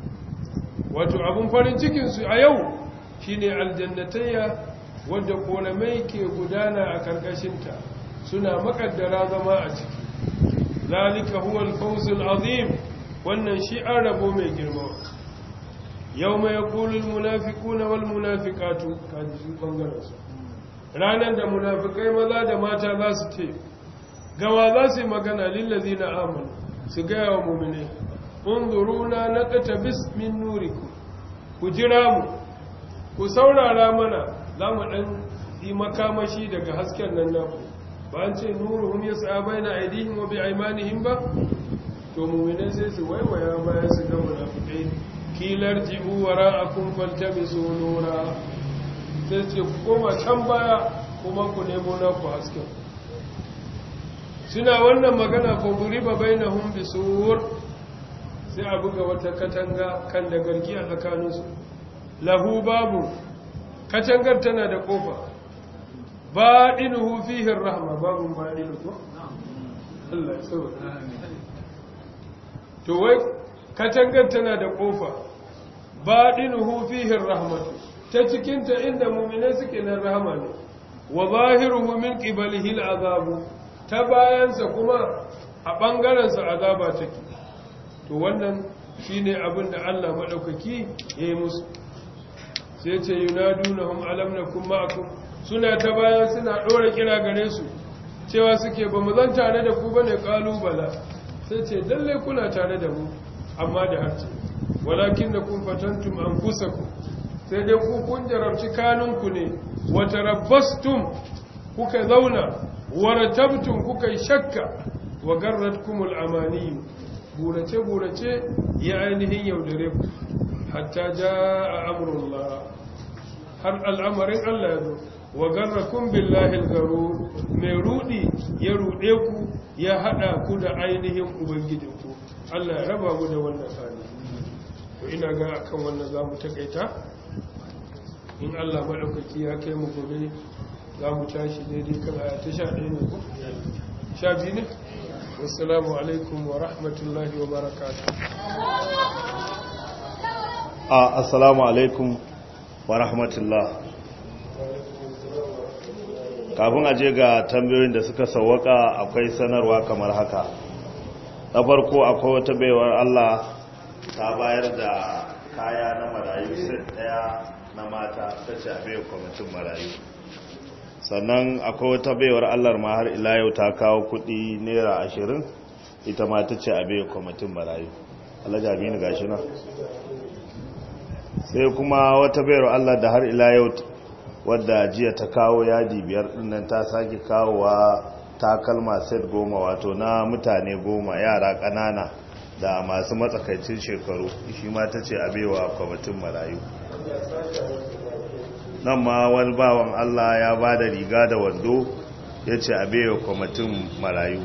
wato abin farin cikinsu a yau shine aljannatayya wadda kolamai ke gudana a ƙarƙashinta suna makaddara zama a ciki zalika huwa alfawzul azim wannan shi an rabo mai girma yawma yaqulu almunafiquna walmunafiqatu kaji su bangaren su ranar da munafikai maza da mata za su ce gawa za su yi magana lillazina amanu su ga yawa mu'mini unzuruna naqtabis min nurikum ku jira mu ku saurara mana za mu ɗan yi makamashi daga hasken nan naku ba an ce nuruhum yas'a baina aydihim wa bi'aymanihim ba to mu'minin sai su waiwaya bayan su ga munafikai kilar ji'u wara'akum faltamisu nura sai ku koma can baya kuma ku nemo naku hasken suna wannan magana ko buriba bainahum bisur sai a buga wata katanga kan da gargi a tsakaninsu lahu babu katangar tana da kofa baɗinuhu fihin rahama babu baɗinu ko? Allah ya sauwa to wai katangar tana da kofa baɗinuhu fihin rahama. ta cikinta inda mummina suke nan rahama ne wa zahiruhu min ƙibalihil azabu ta bayansa kuma a ɓangarensa azaba take to wannan shine abin da Allah maɗaukaki ya yi musu sai ce hun alam nakum ma'akum suna ta bayan suna ɗora kira gare su cewa suke ba mu zan tare da ku ba bane Bala, sai ce dalle kuna tare da mu amma da harce walakin da kun fatantum ku. sai dai ku kun jarabci kanunku ne wata rabbastum kuka zauna wa ratabtum kuka shakka wa garratkumul amaniyu burace-burace ya ainihin yaudare ku hatta ja a amurullah har al'amarin Allah ya zo wa garrakun billahi garo mai rudi ya rude ku ya hada ku da ainihin ku. Allah ya raba mu da wannan hali Ko ina ga akan wannan za mu takaita in Allah maɗaukaki ya kai mu gobe za mu tashi daidai kan aya ta ɗaya ne ko biyu ne wassalamu alaikum wa rahmatullahi wa barakatuh assalamu alaikum wa rahmatullah kafin aje ga tambayoyin da suka sauwaka, akwai sanarwa kamar haka na farko akwai wata baiwar Allah ta bayar da kaya na marayu sai daya na mata ta shafe kwamitin marayu sannan akwai wata baiwar allar ma har ila yau ta kawo kudi naira ashirin ita ma ta ce a baiwa kwamitin barayi alaja ga gashi na sai kuma wata baiwar allar da har ila yau wadda jiya ta kawo yadi biyar dinnan ta sake kawowa takalma set goma wato na mutane goma yara ƙanana da masu matsakaicin shekaru shi ma ta ce a baiwa kwamitin marayu nan ma wani bawan Allah ya ba da riga da wando ya ce a bewa kwamitin marayu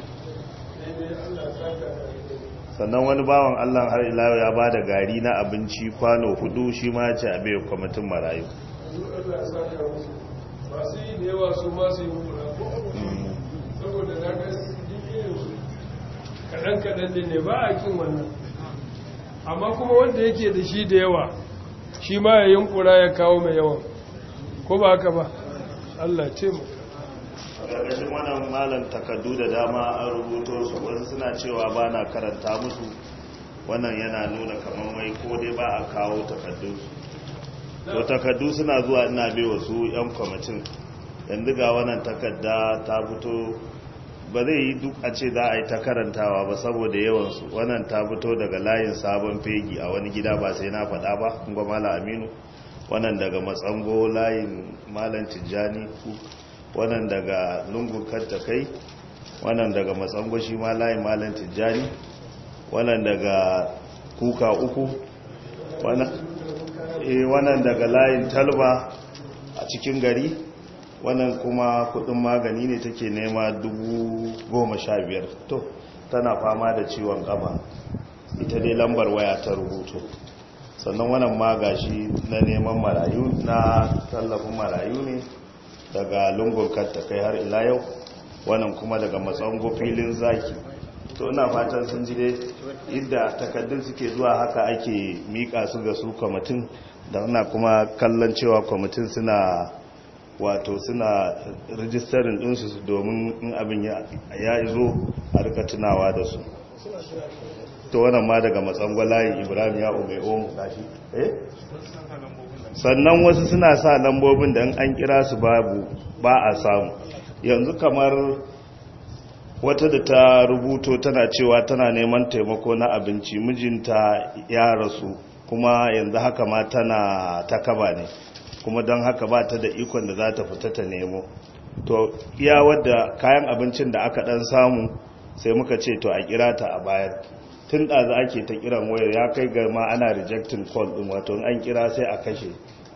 sannan wani bawan Allah har ilawa ya ba da gari na abinci kwano hudu shi ma ya ce a bewa kwamitin marayu kaɗan-kaɗan ne wannan amma kuma wanda yake da shi da yawa shi ma ya yunkura ya kawo mai yawan ko ba haka ba Allah ce mu ƙarƙashin wannan malam takardu da dama an rubuto su wasu suna cewa ba na karanta musu wannan yana nuna kamar mai ko dai ba a kawo takardu to takardu suna zuwa ina bi wasu 'yan kwamitin yanzu ga wannan takarda ta fito ba zai yi duk a ce za a yi ta karantawa ba saboda yawansu wannan ta fito daga layin sabon fegi a wani gida ba sai na faɗa ba kuma mala aminu wannan daga matsango layin malam tijjani ku wannan daga lungun kanta kai wannan daga matsango shi ma layin malam tijjani wannan daga kuka uku wannan eh, daga layin talba a cikin gari wannan kuma kudin magani ne take nema dubu goma sha biyar to tana fama da ciwon kama ita dai lambar waya ta rubutu sannan wannan magashi gashi na neman marayu na tallafin marayu ne daga lungun katta kai har ila yau wannan kuma daga matsango filin zaki to ina fatan sun ji dai inda takaddun suke zuwa haka ake mika su ga su kwamitin da ina kuma kallon cewa kwamitin suna wato suna rijistarin ɗinsu domin in abin ya izo a rika tunawa da su to wannan ma daga layin ibrahim ya umai omu eh? sannan wasu suna sa lambobin da an kira su babu ba a samu yanzu kamar wata da ta rubuto tana cewa tana neman taimako na abinci mijinta ya rasu kuma yanzu haka ma tana ta kaba ne kuma don haka ba ta da ikon da za ta fita ta nemo to iya wadda kayan abincin da aka dan samu sai muka ce to a kira ta a bayar tun ɗazu ake ta kiran wayar ya kai ga ma ana rejectin call ɗin wato an kira sai a kashe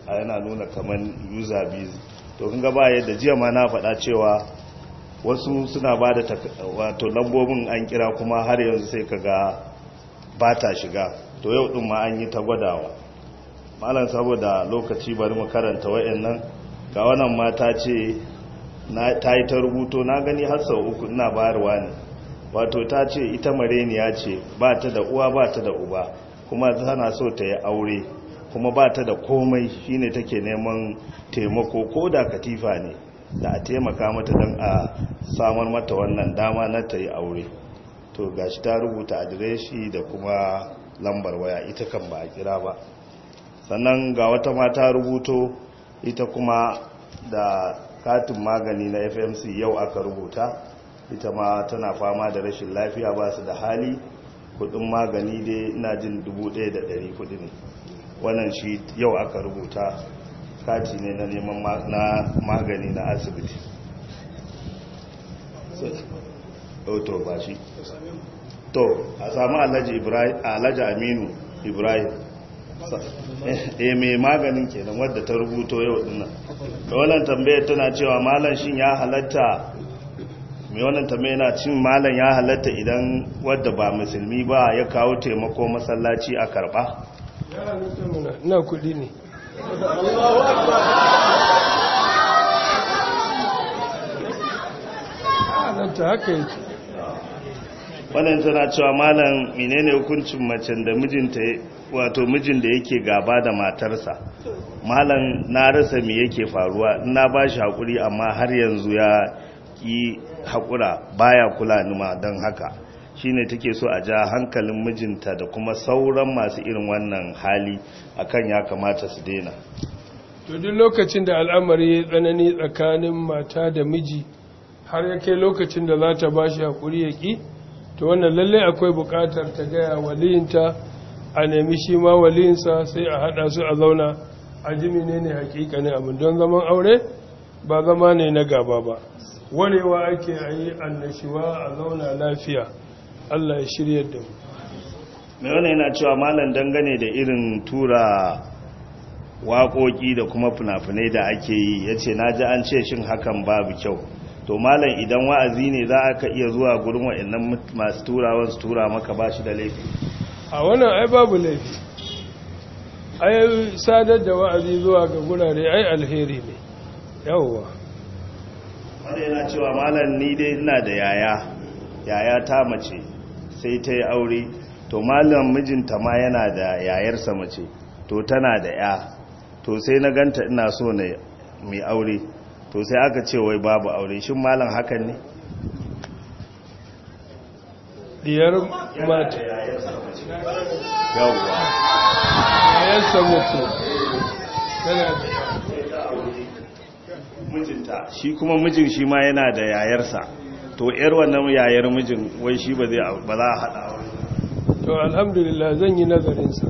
a yana nuna kamar user busy to kun ga ba yadda jiya ma na faɗa cewa wasu suna ba da wato lambobin an kira kuma har yanzu sai ka ga ba ta shiga to yau ɗin ma an yi ta gwadawa malam saboda lokaci bari mu karanta wayannan ga wannan mata ce ta yi ta rubuto na gani har sau uku ina bayarwa ne wato ta ce ita mareniya ce ba ta da uwa ba ta da uba kuma tana so ta yi aure kuma ba ta da komai shine take neman taimako ko da katifa ne da a taimaka mata don a samar mata wannan dama na ta yi aure to gashi ta rubuta adireshi da kuma lambar waya ita kan ba a kira ba sannan ga wata mata rubuto ita kuma da katin magani na fmc yau aka rubuta ita ma tana fama da rashin lafiya ba su da hali kudin magani dai ina jin 1,100 kudi ne wannan shi yau aka rubuta kati ne na neman magani na asibiti oh, to ba shi to a samu alhaji aminu ibrahim e mai maganin kenan wadda ta rubuto yau dinnan da wannan tambayar tana cewa malam shin ya halatta mai wannan tambaye yana cin malam ya halatta idan wadda ba musulmi ba ya kawo taimako masallaci a karba na kudi ne ah, wannan tana cewa malam menene hukuncin macen da mijinta wato mijin da yake gaba da matarsa malam na rasa me yake faruwa na ba shi hakuri amma har yanzu ya haƙura baya kula ni don haka shi ne take so a ja hankalin mijinta da kuma sauran masu irin wannan hali akan ya kamata su daina to duk lokacin da al'amari ya tsanani tsakanin mata da miji har ya kai lokacin da za ta ba shi haƙuri ya ƙi to wannan lallai akwai buƙatar ta gaya waliyinta a nemi shi ma waliyinsa sai a haɗa su a zauna a jimi ne ne ne abin don zaman aure ba zama ne na gaba ba warewa ake a yi annashiwa a zauna lafiya allah ya shirya da mu mai wani yana cewa malam dangane da irin tura waƙoƙi da kuma fina-finai da ake yi ya ce na ji an ce shin hakan babu kyau to malam idan wa'azi ne za ka iya zuwa gurin wa'annan masu tura su tura maka ba shi da laifi a wannan ai babu laifi ai sadar da wa'azi zuwa ga gurare ai alheri ne yawwa wani yana cewa malam ni dai ina da yaya yaya ta mace sai ta yi aure to malam mijinta ma yana da yayarsa mace to tana da ya to sai na ganta ina so na mai aure to sai aka ce wai babu aure shi malam hakan ne diyar mata yawwa yayarsa mace tana da mijinta shi kuma mijin shi ma yana da yayarsa to yar wannan yayar mijin wai shi ba zai ba za a hada to alhamdulillah zan yi nazarin sa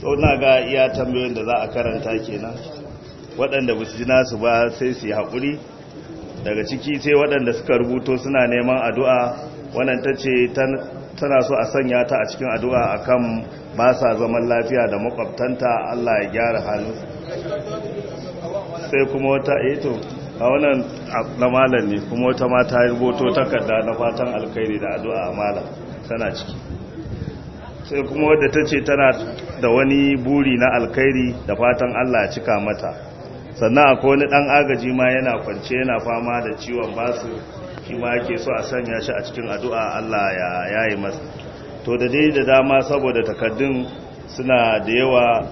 to na ga iya tambayoyin da za a karanta kenan waɗanda ba su ji nasu ba sai su yi haƙuri daga ciki sai waɗanda suka rubuto suna neman addu'a wannan tace ce tana so a sanya ta a cikin addu'a akan ba sa zaman lafiya da makwabtanta Allah ya gyara halin sai kuma wata eto eh a wannan na malam ne kuma wata mata rubuto takarda na fatan alkhairi da addu'a a malam tana ciki sai kuma wadda ta ce tana da wani buri na alkhairi da fatan Allah cika mata sannan a kone dan agaji ma yana kwance yana fama da ciwon basu shi ma yake so a sanya shi a cikin addu'a Allah ya yayi masa to da dai da dama saboda takardun suna da yawa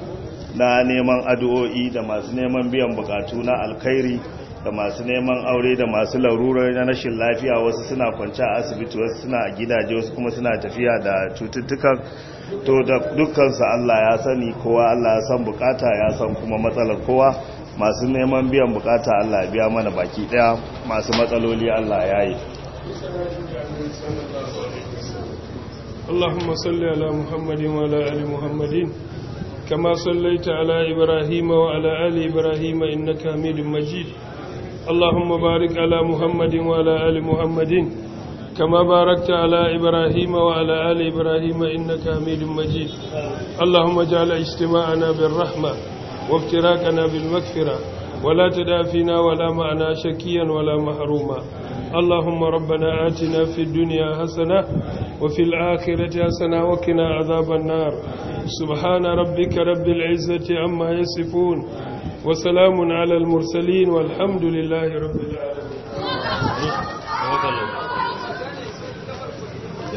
na neman addu'o'i da masu neman biyan bukatu na alkhairi da masu neman aure da masu larurar na rashin lafiya wasu suna kwanci a asibiti wasu suna a gidaje wasu kuma suna tafiya da cututtukan to da dukkansu Allah ya sani kowa Allah ya san bukata ya san kuma matsalar kowa masu neman biyan bukata Allah ya biya mana baki daya masu matsaloli Allah ya yi اللهم صل على محمد وعلى ال محمدين كما صليت على إبراهيم وعلى آل إبراهيم إنك حميد مجيد اللهم بارك على محمد وعلى آل محمد كما باركت على إبراهيم وعلى آل إبراهيم إنك حميد مجيد اللهم اجعل اجتماعنا بالرحمة وافتراقنا بالمغفرة ولا تدافنا ولا معنا شكيا ولا محروما اللهم ربنا آتنا في الدنيا حسنة وفي الآخرة حسنة وقنا عذاب النار سبحان ربك رب العزة عما يصفون وسلام على المرسلين والحمد لله رب العالمين